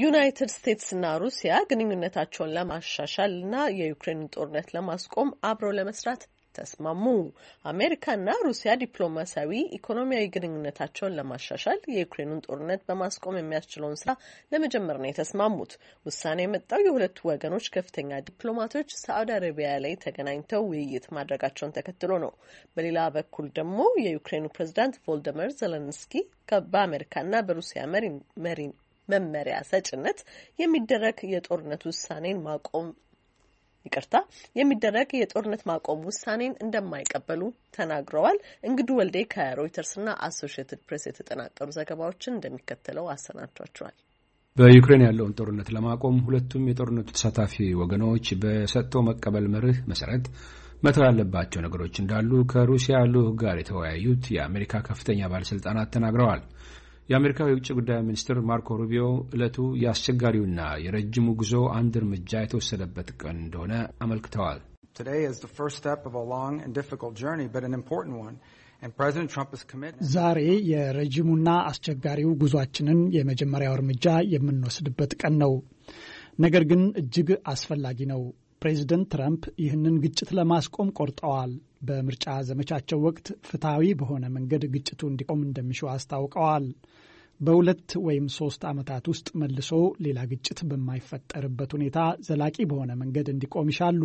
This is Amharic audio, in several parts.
ዩናይትድ ስቴትስና ሩሲያ ግንኙነታቸውን ለማሻሻልና የዩክሬንን ጦርነት ለማስቆም አብረው ለመስራት ተስማሙ። አሜሪካና ሩሲያ ዲፕሎማሲያዊ፣ ኢኮኖሚያዊ ግንኙነታቸውን ለማሻሻል የዩክሬኑን ጦርነት በማስቆም የሚያስችለውን ስራ ለመጀመር ነው የተስማሙት። ውሳኔ የመጣው የሁለቱ ወገኖች ከፍተኛ ዲፕሎማቶች ሳዑዲ አረቢያ ላይ ተገናኝተው ውይይት ማድረጋቸውን ተከትሎ ነው። በሌላ በኩል ደግሞ የዩክሬኑ ፕሬዚዳንት ቮልደመር ዘለንስኪ በአሜሪካና በሩሲያ መመሪያ ሰጭነት የሚደረግ የጦርነት ውሳኔን ማቆም ይቅርታ የሚደረግ የጦርነት ማቆም ውሳኔን እንደማይቀበሉ ተናግረዋል። እንግዱ ወልዴ ከሮይተርስና አሶሽትድ ፕሬስ የተጠናቀሩ ዘገባዎችን እንደሚከተለው አሰናቷቸዋል። በዩክሬን ያለውን ጦርነት ለማቆም ሁለቱም የጦርነቱ ተሳታፊ ወገኖች በሰጥቶ መቀበል መርህ መሰረት መተው ያለባቸው ነገሮች እንዳሉ ከሩሲያ ልዑክ ጋር የተወያዩት የአሜሪካ ከፍተኛ ባለስልጣናት ተናግረዋል። የአሜሪካው የውጭ ጉዳይ ሚኒስትር ማርኮ ሩቢዮ ዕለቱ የአስቸጋሪውና የረጅሙ ጉዞ አንድ እርምጃ የተወሰደበት ቀን እንደሆነ አመልክተዋል። ዛሬ የረጅሙና አስቸጋሪው ጉዟችንን የመጀመሪያው እርምጃ የምንወስድበት ቀን ነው፣ ነገር ግን እጅግ አስፈላጊ ነው። ፕሬዚደንት ትራምፕ ይህንን ግጭት ለማስቆም ቆርጠዋል። በምርጫ ዘመቻቸው ወቅት ፍትሐዊ በሆነ መንገድ ግጭቱ እንዲቆም እንደሚሹ አስታውቀዋል። በሁለት ወይም ሶስት ዓመታት ውስጥ መልሶ ሌላ ግጭት በማይፈጠርበት ሁኔታ ዘላቂ በሆነ መንገድ እንዲቆም ይሻሉ።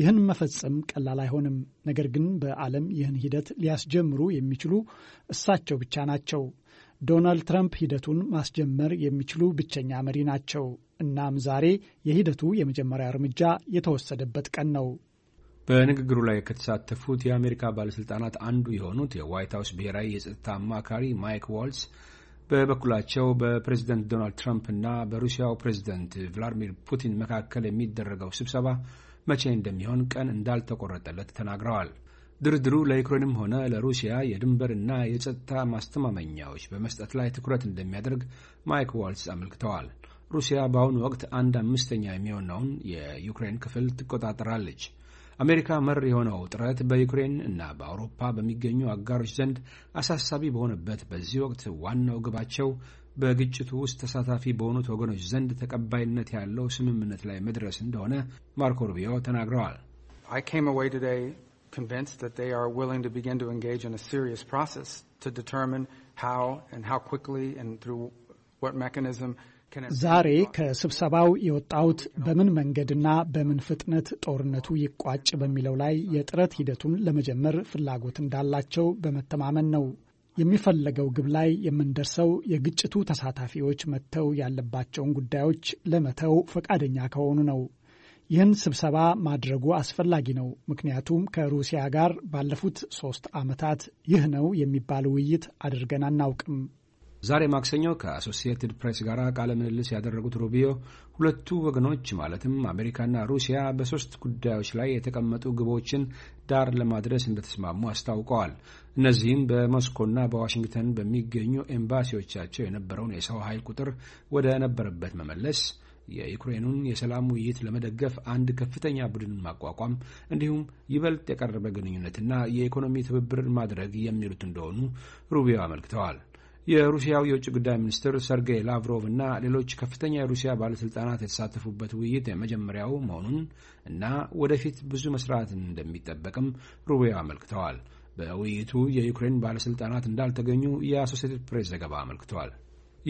ይህን መፈጸም ቀላል አይሆንም። ነገር ግን በዓለም ይህን ሂደት ሊያስጀምሩ የሚችሉ እሳቸው ብቻ ናቸው። ዶናልድ ትራምፕ ሂደቱን ማስጀመር የሚችሉ ብቸኛ መሪ ናቸው። እናም ዛሬ የሂደቱ የመጀመሪያ እርምጃ የተወሰደበት ቀን ነው። በንግግሩ ላይ ከተሳተፉት የአሜሪካ ባለሥልጣናት አንዱ የሆኑት የዋይት ሀውስ ብሔራዊ የጸጥታ አማካሪ ማይክ ዋልስ በበኩላቸው በፕሬዝደንት ዶናልድ ትራምፕ እና በሩሲያው ፕሬዝደንት ቭላዲሚር ፑቲን መካከል የሚደረገው ስብሰባ መቼ እንደሚሆን ቀን እንዳልተቆረጠለት ተናግረዋል። ድርድሩ ለዩክሬንም ሆነ ለሩሲያ የድንበርና የጸጥታ ማስተማመኛዎች በመስጠት ላይ ትኩረት እንደሚያደርግ ማይክ ዋልስ አመልክተዋል። ሩሲያ በአሁኑ ወቅት አንድ አምስተኛ የሚሆነውን የዩክሬን ክፍል ትቆጣጠራለች። አሜሪካ መር የሆነው ጥረት በዩክሬን እና በአውሮፓ በሚገኙ አጋሮች ዘንድ አሳሳቢ በሆነበት በዚህ ወቅት ዋናው ግባቸው በግጭቱ ውስጥ ተሳታፊ በሆኑት ወገኖች ዘንድ ተቀባይነት ያለው ስምምነት ላይ መድረስ እንደሆነ ማርኮ ሩቢዮ ተናግረዋል። ዛሬ ከስብሰባው የወጣሁት በምን መንገድና በምን ፍጥነት ጦርነቱ ይቋጭ በሚለው ላይ የጥረት ሂደቱን ለመጀመር ፍላጎት እንዳላቸው በመተማመን ነው። የሚፈለገው ግብ ላይ የምንደርሰው የግጭቱ ተሳታፊዎች መተው ያለባቸውን ጉዳዮች ለመተው ፈቃደኛ ከሆኑ ነው። ይህን ስብሰባ ማድረጉ አስፈላጊ ነው። ምክንያቱም ከሩሲያ ጋር ባለፉት ሶስት ዓመታት ይህ ነው የሚባል ውይይት አድርገን አናውቅም። ዛሬ ማክሰኞ ከአሶሲየትድ ፕሬስ ጋር ቃለ ምልልስ ያደረጉት ሩቢዮ ሁለቱ ወገኖች ማለትም አሜሪካና ሩሲያ በሶስት ጉዳዮች ላይ የተቀመጡ ግቦችን ዳር ለማድረስ እንደተስማሙ አስታውቀዋል። እነዚህም በሞስኮና በዋሽንግተን በሚገኙ ኤምባሲዎቻቸው የነበረውን የሰው ኃይል ቁጥር ወደ ነበረበት መመለስ፣ የዩክሬኑን የሰላም ውይይት ለመደገፍ አንድ ከፍተኛ ቡድን ማቋቋም እንዲሁም ይበልጥ የቀረበ ግንኙነትና የኢኮኖሚ ትብብር ማድረግ የሚሉት እንደሆኑ ሩቢዮ አመልክተዋል። የሩሲያው የውጭ ጉዳይ ሚኒስትር ሰርጌይ ላቭሮቭ እና ሌሎች ከፍተኛ የሩሲያ ባለሥልጣናት የተሳተፉበት ውይይት የመጀመሪያው መሆኑን እና ወደፊት ብዙ መስራት እንደሚጠበቅም ሩቢዮ አመልክተዋል። በውይይቱ የዩክሬን ባለሥልጣናት እንዳልተገኙ የአሶሴትድ ፕሬስ ዘገባ አመልክተዋል።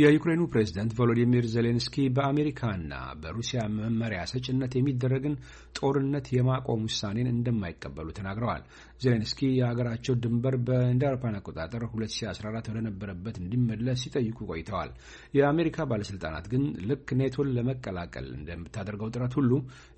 የዩክሬኑ ፕሬዝደንት ቮሎዲሚር ዜሌንስኪ በአሜሪካና በሩሲያ መመሪያ ሰጭነት የሚደረግን ጦርነት የማቆም ውሳኔን እንደማይቀበሉ ተናግረዋል። ዜሌንስኪ የሀገራቸው ድንበር በእንደ አውሮፓውያን አቆጣጠር 2014 ወደነበረበት እንዲመለስ ሲጠይቁ ቆይተዋል። የአሜሪካ ባለስልጣናት ግን ልክ ኔቶን ለመቀላቀል እንደምታደርገው ጥረት ሁሉ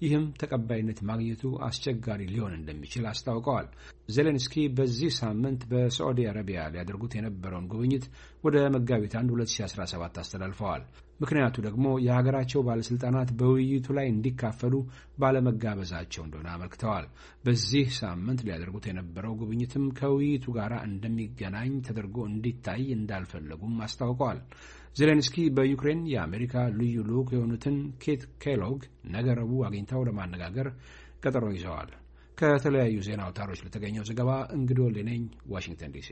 ይህም ተቀባይነት ማግኘቱ አስቸጋሪ ሊሆን እንደሚችል አስታውቀዋል። ዜሌንስኪ በዚህ ሳምንት በሳዑዲ አረቢያ ሊያደርጉት የነበረውን ጉብኝት ወደ መጋቢት 1 2014 2017 አስተላልፈዋል። ምክንያቱ ደግሞ የሀገራቸው ባለሥልጣናት በውይይቱ ላይ እንዲካፈሉ ባለመጋበዛቸው እንደሆነ አመልክተዋል። በዚህ ሳምንት ሊያደርጉት የነበረው ጉብኝትም ከውይይቱ ጋር እንደሚገናኝ ተደርጎ እንዲታይ እንዳልፈለጉም አስታውቀዋል። ዜሌንስኪ በዩክሬን የአሜሪካ ልዩ ልዑክ የሆኑትን ኬት ኬሎግ ነገ ረቡዕ አግኝተው ለማነጋገር ቀጠሮ ይዘዋል። ከተለያዩ ዜና አውታሮች ለተገኘው ዘገባ እንግዶ ሌነኝ ዋሽንግተን ዲሲ